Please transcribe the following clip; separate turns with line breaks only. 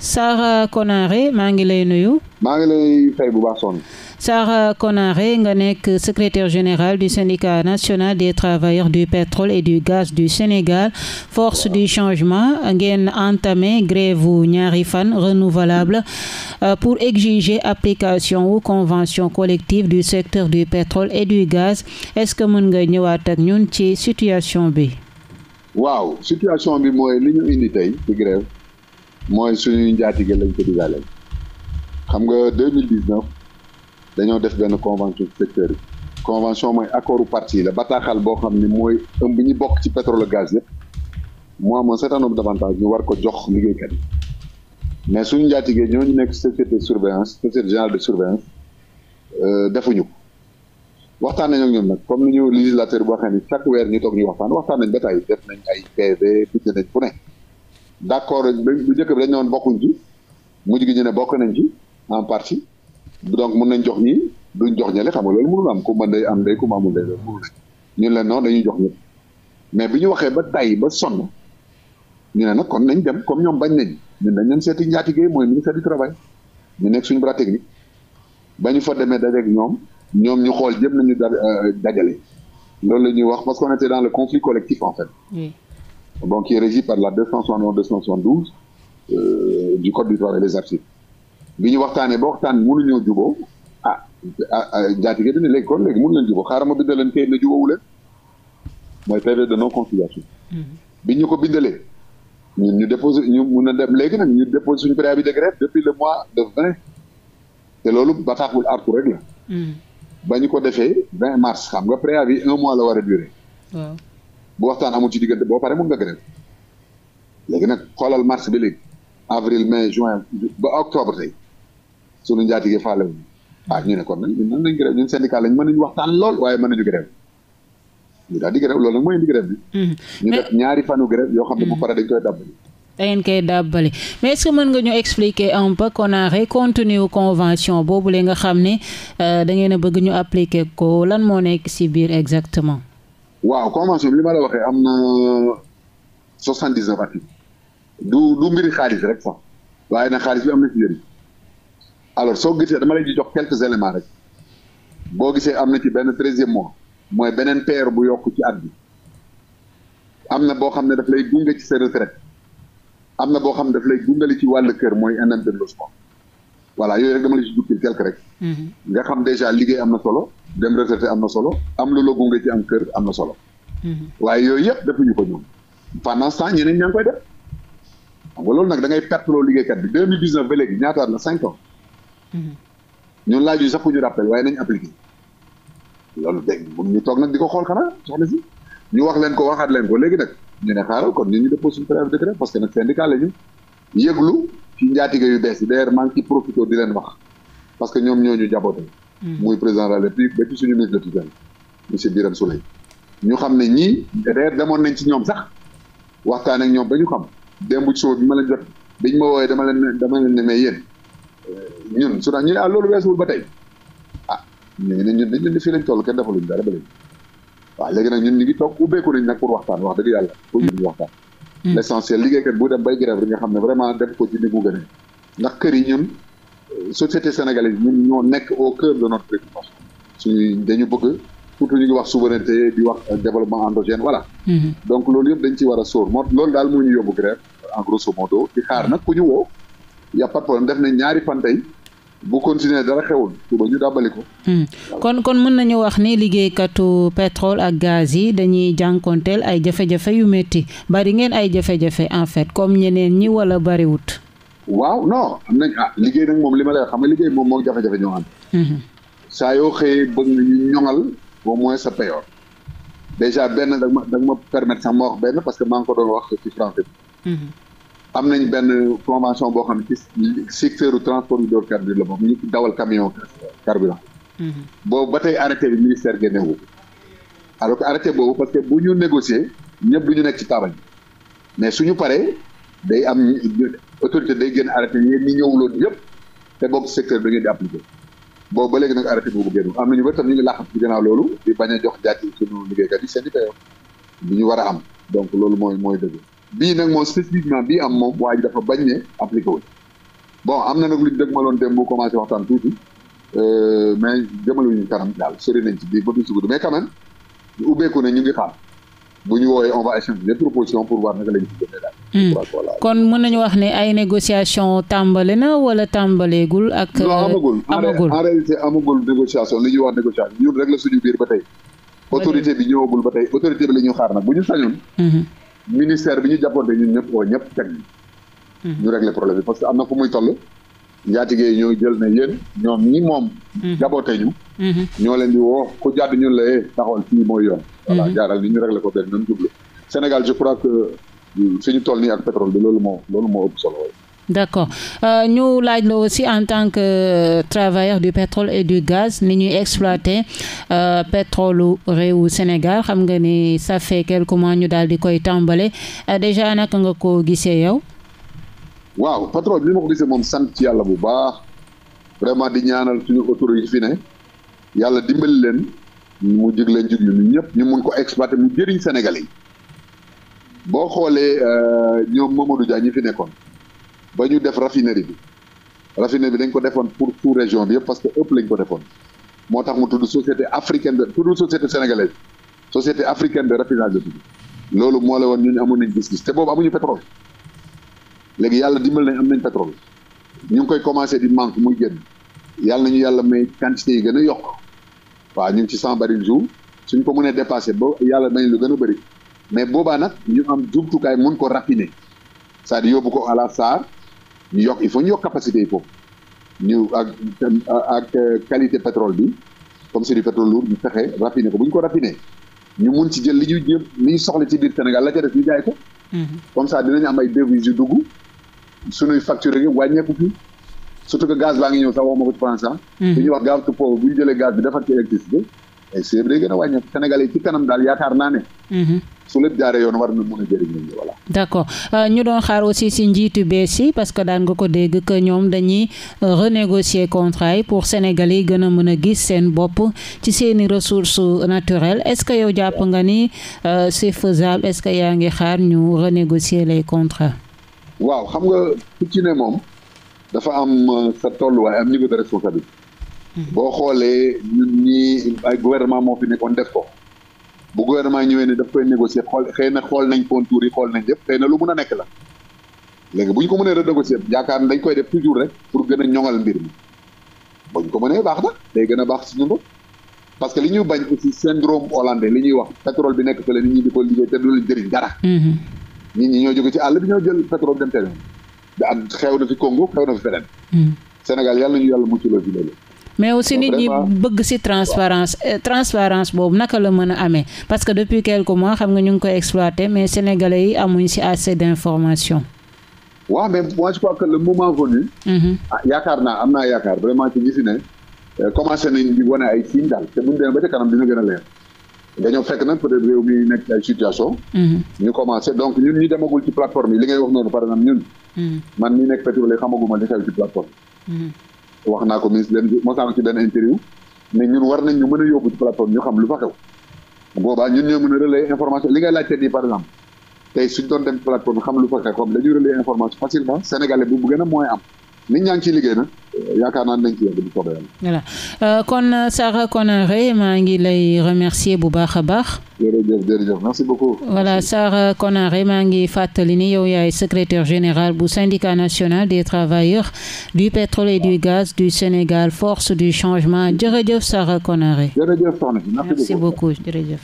Sara Konaré maa ngi lay nuyu.
maa ngi
nga nekk secrétaire général du syndicat national des travailleurs du pétrole et du gaz du Sénégal force du changement ngeen entamé grève ñaari fan renouvelable euh, pour exiger application wu convention collective du secteur du pétrole et du gaz est-ce que mën nga ñëwaat ak ci situation bi.
mooy suñuy njaatige lañ ko digaaleen xam nga deux mille dix neuf dañoo def benn convention secteur yi convention mooy accordu parti la bataaxal boo xam ne mooy ëmb ñi bokk ci pétrole gaz yëpp mu amoon certain nombre ñu war ko jox liggéeykat yi mais suñu njaatige ñooñu nekk société de surveillance société générale de surveillance euh, defuñu ko waxtaan nañu ak ñoom nag comme ni ñu législateur boo xam ne chaque weer ñu toog ñu waxtaan waxtaan nañ ba tey def nañ ay PV bind nañ fu d' accord bu jëkk bi dañ ne woon bokkuñ ci mujj gi ñu ne bokk nañ ci en partie donc mun nañ jox ñii duñ jox ñale xam nga loolu mënul am ku mën day am day ku mu amul day loolu mënul dañuy jox mais bi ñu waxee ba tay ba sonn ñu ne kon nañ dem comme ñoom bañ nañ ñun dañ leen seeti njaatigéey mooy ministère du travail ñu nekk suñu bras technique ba ñu fa demee dajeeg ñoom ñoom ñu xool jëm nañu euh, dajale loolu la ñuy wax parce qu'on était dans le conflit collectif en fait. bon, qui est régi par la 271 272 euh, du code du travail des articles bi ñu waxtaanee ba waxtaan mënuñoo juboo ah, ah, ah jaatige dina léegi kon léegi mënu leen juboo xaaral ma bind leen kayit ne juboowu leen mooy PV de non conciliation mm-hmm. bi ñu ko bindalee ñun ñu déposé ñu mun a dem léegi nag ñu déposé suñu préavis de grève depuis le mois de vingt te loolu bataaxul artu rek la mm-hmm. ba ñu ko defee vingt mars xam nga préavis un mois la war
a
bu waxtaan amul ci diggante boo pare mun nga grève léegi nag xoolal mars bi léegi avril mai juin ba octobre tey sunu njaatige faale wu ah, ñu ne kon nag ñun nan lañ grève ñun lool waaye mën nañu grève ñu daal di grève nag mooy indi bi. Hmm. ñu def ñaari fanu grève yoo xam ne bu hmm.
da ngeen koy dàbbali mais est-ce que mën nga ñu expliquer un peu CONARE contenu convention boobu la nga xam ne euh, dangeen ngeen a bëgg ñu appliquer ko lan moo nekk ci biir exactement.
waaw convention li ma la waxee am na soixante dix neuf articles du du mbiri xaalis rek sax waaye na xaalis bi am na ci njëriñ alors soo gisee dama lay di jox quelques éléments rek boo gisee am na ci benn treizième mois mooy beneen paire bu yokk ci at am na boo xam ne daf lay gunge ci sa retraite am na boo xam ne daf lay gungale ci wàll kër mooy indemnité de voilà yooyu rek dama la ci jukki quelque rek. Mhm. nga xam déjà liggéey am na solo dem retraité am na solo am lu la gunge ci am kër am na solo. Mhm. waaye yooyu yëpp defuñu ko ñoom. pendant ce temps ñeneen ñaa koy def xam loolu nag da ngay perte loo liggéeykat bi deux ba léegi ñaataat la cinq ans. Mhm. ñun laaj yu sax ku ñu rappel waaye nañ appliqué loolu dégg ñu toog nag di ko xool xanaa soxna si ñu wax leen ko waxaat leen ko léegi nag ñu ne xaaral kon ñu ñu déposé suñu préavis de grève parce que nag syndicat la ñu yëglu ci njaatige yu bees yi d'ailleurs maa ngi ciy di leen wax parce que ñoom ñoo ñu jaboote hmm. muy président de la République ba ci suñu ministre de tutelle monsieur Birame ñu xam ne ñii d'ailleurs demoon nañ ci ñoom sax waxtaan ak ñoom ba ñu xam démb ci suba bi ma leen jot biñ ma woowee dama leen dama leen ne mais yéen euh, ñun su ñu ne ah loolu weesuwul ba tey ah ñu ne ñun dañ leen fii lañ toll kenn defaluñ dara ba léegi waaw léegi nag ñun ñu ngi toog ubbeeku nañ nag pour waxtaan wax dëgg yàlla pour ñu waxtaan Mm. l' essentiel bu dem bay grève nga xam ne vraiment def ko ci ni mu gënee ndax kër yi ñun société sénégalaise ñun ñoo nekk au cœur de notre préoccupation suñu dañu bëgg surtout ñu ngi wax souveraineté di wax développement endogène voilà mm-hmm. donc loolu yëpp dañ ci war a sóor moo loolu daal moo ñu yóbbu grève en grosso modo di xaar nag ku ñu woo y' a pas de def nañ ñaari fan tey bu continuer dara xewul suba ko.
Hmm. kon kon mën nañu wax ni liggéeykatu pétrole ak gaz yi dañuy jànkonteel ay jafe-jafe yu métti bari ngeen ay jafe-jafe en fait comme ñeneen ñi wala bariwut.
waaw non am nañ ah liggéey nag moom li ma lay xam nga liggéey moom moom jafe-jafe ñoo am. Hmm. saa yoo xëyee bëgg ñu ñoŋal au moins sa payoor déjà benn da nga ma da sax ma wax benn parce que maa ngi ko doon wax ci français
bi. Hmm.
am nañ benn convention boo xam ne ci secteur transport hydrocarbures la boobu ñu dawal camion carburant mhm. boobu ba tey arrêté bi ministère génnewu wu alors que boobu parce que bu ñu négocier ñëpp du ñu nekk ci taabal bi mais suñu paree day am autorité day gën arrêté yéen ñi ñëwuloon yëpp te bokk secteur bi ngeen di appliqué boobu ba léegi nag arrêté boobu génn am nañu ba tam ñu ngi làqat ci gannaaw loolu di bañ a jox jaati suñu liggéeykat yi seen i payoo ñu war a am donc loolu mooy mooy dëgg bii nag moom spécifiquement bii am moom waa ji dafa bañ ne appliqué bon am na nag lu ñu dëgg ma loon dem bu commencé waxtaan tuuti euh, mais ñu kanam daal sori nañ ci bii ba du si gudd mais quand même ubbeeku ne ñu ngi xaar bu ñu woowee on va échanger des pour voir naka la si jëmee daal. Hmm.
kon mën nañu wax ne ay négociations tàmbali na wala tàmbaleegul ak. non euh, amagul amagul en
réalité amagul négociation li ñuy wax négociation ñun rek la suñu biir ba tey. autorité bi ñëwagul ba tey autorité la ñuy xaar nag bu ñu sañoon. Hmm. ministère bi ñu jàppante ñun ñëpp oo ñëpp teg hmm. ñu régler problème bi parce que am na fu muy toll njaatigee ñoo jël ne yéen ñoom ñi moom hmm. jaboote ñu hmm. ñoo leen di woo ku jàdd ñu la ee eh, taxawal fii mooy yoon voilà jaaral ni ñu réglé ko benn nan jublu Sénégal je crois que fi ñu toll nii ak pétrole bi loolu moo loolu moo ëpp solo
d'accord euh, ñu laaj la aussi en tant que euh, travailleur du pétrole et du gaz ni ñuy exploiter euh, pétrole réewu Sénégal xam nga ni ça fait quelques mois ñu daal di koy tàmbale déjà naka nga ko gisee yow.
waaw pétrole bi ma ko gisee moom sant ci yàlla bu baax vraiment di ñaanal suñu autorités yi fi ne yàlla dimbali leen mu jig leen jig ñu ñëpp ñu mun ko exploiter mu jëriñ Sénégalais yi boo xoolee ñoom Mamadou Dia ñi fi nekkoon. ba ñu def raffinerie bi raffinerie bi dañ ko defoon pour sous région bi yëpp parce que ëpp lañ ko defoon moo tax mu tudd société africaine de tudd société sénégalaise société africaine de raffinage la loolu moo la woon ñu amoon nañ gis-gis te boobu amuñu pétrole léegi yàlla dimbal nañ am nañ pétrole ñu ngi koy commencé di manque muy génn yàlla nañu yàlla may quantité yi gën a yokk waaw ñu ngi ci cent baril jour suñ ko mënee dépassé boo yàlla nañu lu gën a bëri mais boobaa nag ñu am jumtukaay mun ko raffiner cest à ko à la SAR ñu yokk il faut ñu yokk capacité yi foofu ñu ak ak qualité pétrole bi comme c'est du pétrole lourd ñu fexe raffiner ko bu ñu ko raffiner ñu mun ci jël li ñuy jëm li ñu soxla ci biir Sénégal la ca def ñu jaay ko. Mhm. comme ça dinañ am ay devises yu dugg suñuy facture yi wàññeeku fi surtout que gaz baa ngi ñëw sax waxuma ko ci France ah. Mhm. dañuy wax gaz pauvre bu ñu jëlee bi defar ci électricité. mais seer gën a wàññeeku Sénégal yi ci kanam daal yaakaar naa ne. Mhm. su lépp jaaree yoon war na mën a jëriñ nit ñi voilà.
d' accord euh, ñu doon xaar aussi si njiitu bees yi parce que daan nga ko dégg que ñoom dañuy euh, renégocier contrat yi pour Sénégal yi gën a mën a gis seen bopp ci seeni ressource naturelles est ce que yow jàpp nga ni si euh, est faisable est ce que yaa ngi xaar ñu renégocier les contrat
waaw xam nga ku moom dafa am sa tolluwaay am niveau de Mhm. boo xoolee ñun ñii ay gouvernement moo fi nekkoon def ko bu gouvernement ñëwee ne daf koy négocier xool xëy na xool nañ contours yi xool nañ yëpp xëy na lu mun a nekk la léegi bu ñu ko mënee renégocier yaakaar dañ koy def toujours rek pour gën a ñoŋal mbir ko mënee baax na day gën a baax si ñun parce que li ñuy bañ aussi syndrome hollandais li ñuy wax pétrole bi nekk fële nit ñi di ko liggéey te du leen jëriñ dara. Mhm. nit ñoo jóge ci àll bi ñoo jël pétrole dem te da am xew na fi Congo xew na fi feneen. Mhm. Sénégal yàlla ñu yàlla mucc loolu ci loolu.
mais aussi nit ñi bëgg ci transparence euh, transparence boobu naka la mën a amee parce que depuis quelques mois xam nga ñu ngi koy exploité mais sénégalais yi amuñ ci assez d'information
waaw mais moi je crois que le moment venu mm-hmm. ah, yaakaar naa am naa yaakaar vraiment ci ñi fi ne euh, commencé nañ a leer dañoo fekk mm-hmm. ñu demagul ci plateforme yi li ngay wax noonu par exemple ñun mm-hmm. man mi nekk pétrole xamaguma li xew ci plateforme wax naa ko ministre leen mos naa ko interview mais ñun war nañ ñu mën a yóbbu ci plateforme ñu xam lu fa xew boobaa ñun ñoo mën a relayer information li ngay laajte nii par exemple tey suñ doon dem plateforme xam lu fa xew comme dañuy relayer information facilement sénégalais bu bu gën a mooy am nit ñaa ngi liggéey nag yaakaar naa
euh, kon euh, Sara Konaré maa ngi lay remercier bu baax a baax.
jërëjëf jërëjëf merci beaucoup.
voilà Sara Konaré maa ngi fàttali ni yow yaay secrétaire général bu syndicat national des travailleurs du pétrole et du gaz du Sénégal force du changement jërëjëf Sara Konaré.
jërëjëf soxna merci beaucoup
jërëjëf.